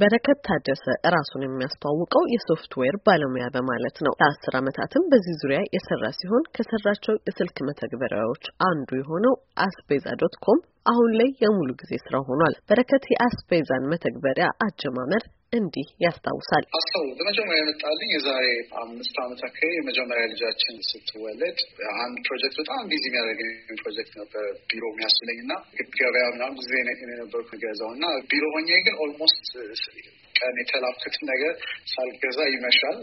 በረከት ታደሰ ራሱን የሚያስተዋውቀው የሶፍትዌር ባለሙያ በማለት ነው። ለአስር ዓመታትም በዚህ ዙሪያ የሰራ ሲሆን ከሰራቸው የስልክ መተግበሪያዎች አንዱ የሆነው አስቤዛ ዶት ኮም አሁን ላይ የሙሉ ጊዜ ስራ ሆኗል። በረከት የአስቤዛን መተግበሪያ አጀማመር እንዲህ ያስታውሳል። አስታው በመጀመሪያ የመጣልኝ የዛሬ አምስት ዓመት አካባቢ የመጀመሪያ ልጃችን ስትወለድ አንድ ፕሮጀክት በጣም ቢዚ የሚያደርገኝ ፕሮጀክት ነበር ቢሮ የሚያስለኝ እና ገበያ ምናምን ጊዜ የነበርኩ ገዛው እና ቢሮ ሆኜ ግን ኦልሞስት ቀን የተላኩትን ነገር ሳልገዛ ይመሻል።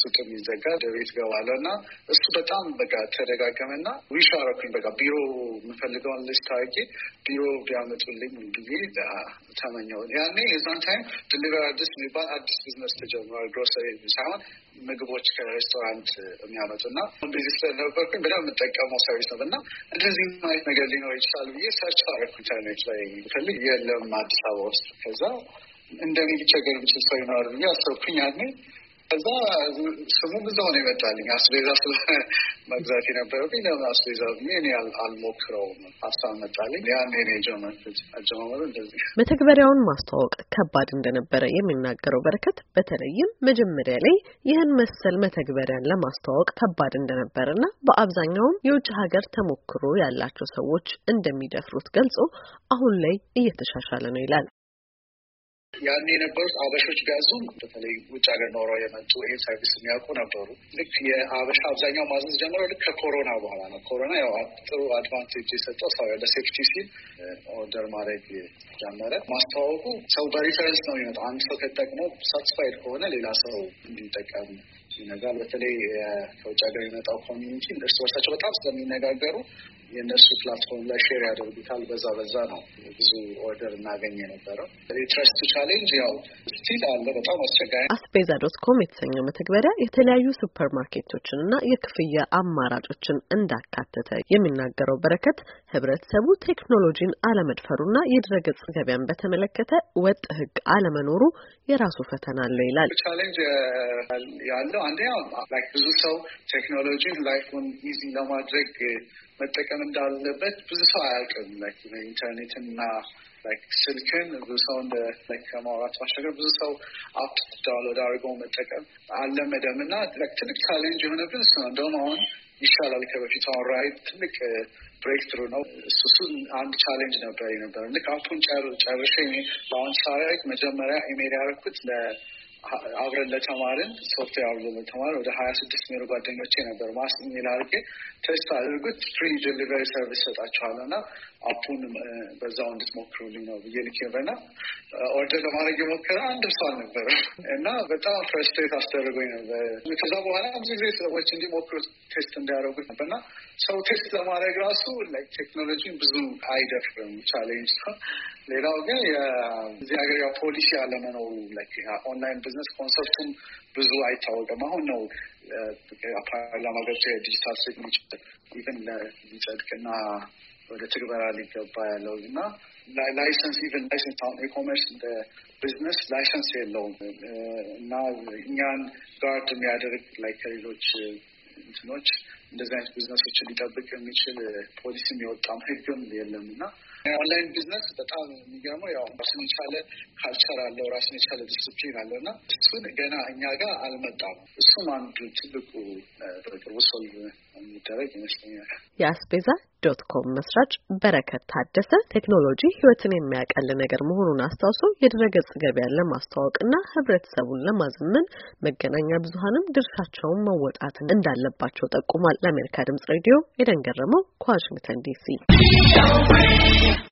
ሱቅ የሚዘጋ ወደ ገባለሁ እና እሱ በጣም በቃ ተደጋገመና ዊሽ አደረኩኝ። በቃ ቢሮ የምፈልገውን ልጅ ታዋቂ ቢሮ ቢያመጡልኝ ብዬ ተመኘው። ያኔ የዛን ታይም ድልጋ አዲስ የሚባል አዲስ ቢዝነስ ተጀምሯል። ግሮሰሪ ሳይሆን ምግቦች ከሬስቶራንት የሚያመጡ እና ቢዝነስ ስለነበርኩኝ በጣም የምጠቀመው ሰርቪስ ነው እና እንደዚህ አይነት ነገር ሊኖር ይችላል ብዬ ሰርች አደረኩ ኢንተርኔት ላይ ፈልግ የለም አዲስ አበባ ውስጥ ከዛ እንደኔ ሊቸገር የሚችል ሰው ይኖራል ብዬ አሰብኩኝ ያኔ ከዛ ስሙ ብዛው ነው አስቤዛ መግዛት የነበረብኝ ለምን አስቤዛ ምን አልሞክረውም ሀሳብ መጣልኝ። ያን ኔ አጀማመሩ እንደዚህ። መተግበሪያውን ማስተዋወቅ ከባድ እንደነበረ የሚናገረው በረከት በተለይም መጀመሪያ ላይ ይህን መሰል መተግበሪያን ለማስተዋወቅ ከባድ እንደነበረ እና በአብዛኛውም የውጭ ሀገር ተሞክሮ ያላቸው ሰዎች እንደሚደፍሩት ገልጾ አሁን ላይ እየተሻሻለ ነው ይላል። ያን የነበሩት አበሾች ቢያዙም በተለይ ውጭ ሀገር ኖረው የመጡ ይህን ሰርቪስ የሚያውቁ ነበሩ። ልክ የአበሻ አብዛኛው ማዘዝ ጀምሮ ልክ ከኮሮና በኋላ ነው። ኮሮና ያው ጥሩ አድቫንቴጅ የሰጠው ሰው ለሴፍቲ ሲል ኦርደር ማድረግ ጀመረ። ማስተዋወቁ ሰው በሪፈረንስ ነው የሚመጣው። አንድ ሰው ከጠቅሞ ሳትስፋይድ ከሆነ ሌላ ሰው እንዲጠቀም ይነጋል። በተለይ ከውጭ ሀገር የመጣው ኮሚኒቲ እርስ በርሳቸው በጣም ስለሚነጋገሩ የእነሱ ፕላትፎርም ላይ ሼር ያደርጉታል። በዛ በዛ ነው ብዙ ኦርደር እናገኝ የነበረው። የትረስቱ ቻሌንጅ ያው ሲል አለ። በጣም አስቸጋሪ አስፔዛ ዶት ኮም የተሰኘው መተግበሪያ የተለያዩ ሱፐር ማርኬቶችን እና የክፍያ አማራጮችን እንዳካተተ የሚናገረው በረከት ህብረተሰቡ ቴክኖሎጂን አለመድፈሩና የድረገጽ ገበያን በተመለከተ ወጥ ህግ አለመኖሩ የራሱ ፈተና አለው ይላል። ቻሌንጅ ያለው አንደኛ ብዙ ሰው ቴክኖሎጂን ላይፉን ኢዚ ለማድረግ መጠቀም እንዳለበት ብዙ ሰው አያውቅም። ኢንተርኔት ስልክን ብዙ ሰው እንደ ከማውራት ባሻገር ብዙ ሰው አፕ ዳውንሎድ አድርገው መጠቀም አለመደም እና ትልቅ ቻሌንጅ የሆነብን እሱ ነው። እንደውም አሁን ይሻላል ከበፊቱ። አሁን ራይድ ትልቅ ብሬክ uh, ትሩ ነው። እሱሱ አንድ ቻሌንጅ ነበር ነበር ልክ አፑን ጨርሼ በአሁን ሳራዊት መጀመሪያ ኢሜል ያደረኩት አብረን ለተማርን ሶፍትዌር አብሎ ለተማር ወደ ሀያ ስድስት ሚሩ ጓደኞቼ ነበሩ። ማስ ኢሜል አድርጌ ተስፋ አድርጉት ፍሪ ዴሊቨሪ ሰርቪስ ሰጣችኋለሁ እና አፑን በዛው እንድትሞክሩልኝ ነው ብዬ ልኬ በና ኦርደር ለማድረግ የሞከረ አንድ ሰው አልነበረ እና በጣም ፍረስትሬት አስደርጎኝ ነበር። ከዛ በኋላ ብዙ ጊዜ ሰዎች እንዲሞክሩ ቴስት እንዲያደርጉት ነበር እና ሰው ቴስት ለማድረግ ራሱ ቴክኖሎጂን ብዙ አይደፍርም ቻሌንጅ ነው። ሌላው ግን የዚህ ሀገር ፖሊሲ አለመኖሩ ኦንላይን ቢዝነስ ኮንሰፕቱም ብዙ አይታወቅም። አሁን ነው ፓርላማ ገብቶ የዲጂታል ሲግኒቸር ኢቨን ሊጸድቅና ወደ ትግበራ ሊገባ ያለው እና ላይሰንስ ኢቨን ላይሰንስ አሁን ኢኮመርስ እንደ ቢዝነስ ላይሰንስ የለውም እና እኛን ጋርድ የሚያደርግ ላይ ከሌሎች እንትኖች እንደዚህ አይነት ቢዝነሶችን ሊጠብቅ የሚችል ፖሊሲም የወጣም ህግም የለም እና ኦንላይን ቢዝነስ በጣም የሚገርመው ያው ራሱን የቻለ ካልቸር አለው፣ ራሱን የቻለ ዲስፕሊን አለው እና እሱን ገና እኛ ጋር አልመጣም። እሱም አንዱ ትልቁ በቅርቡ ሶልቭ የሚደረግ ይመስለኛል። የአስቤዛ ዶት ኮም መስራች በረከት ታደሰ ቴክኖሎጂ ህይወትን የሚያቀል ነገር መሆኑን አስታውሶ የድረገጽ ገበያን ለማስተዋወቅና ህብረተሰቡን ለማዘመን መገናኛ ብዙሀንም ድርሻቸውን መወጣት እንዳለባቸው ጠቁሟል። ለአሜሪካ ድምጽ ሬዲዮ ኤደን ገረመው ከዋሽንግተን ዲሲ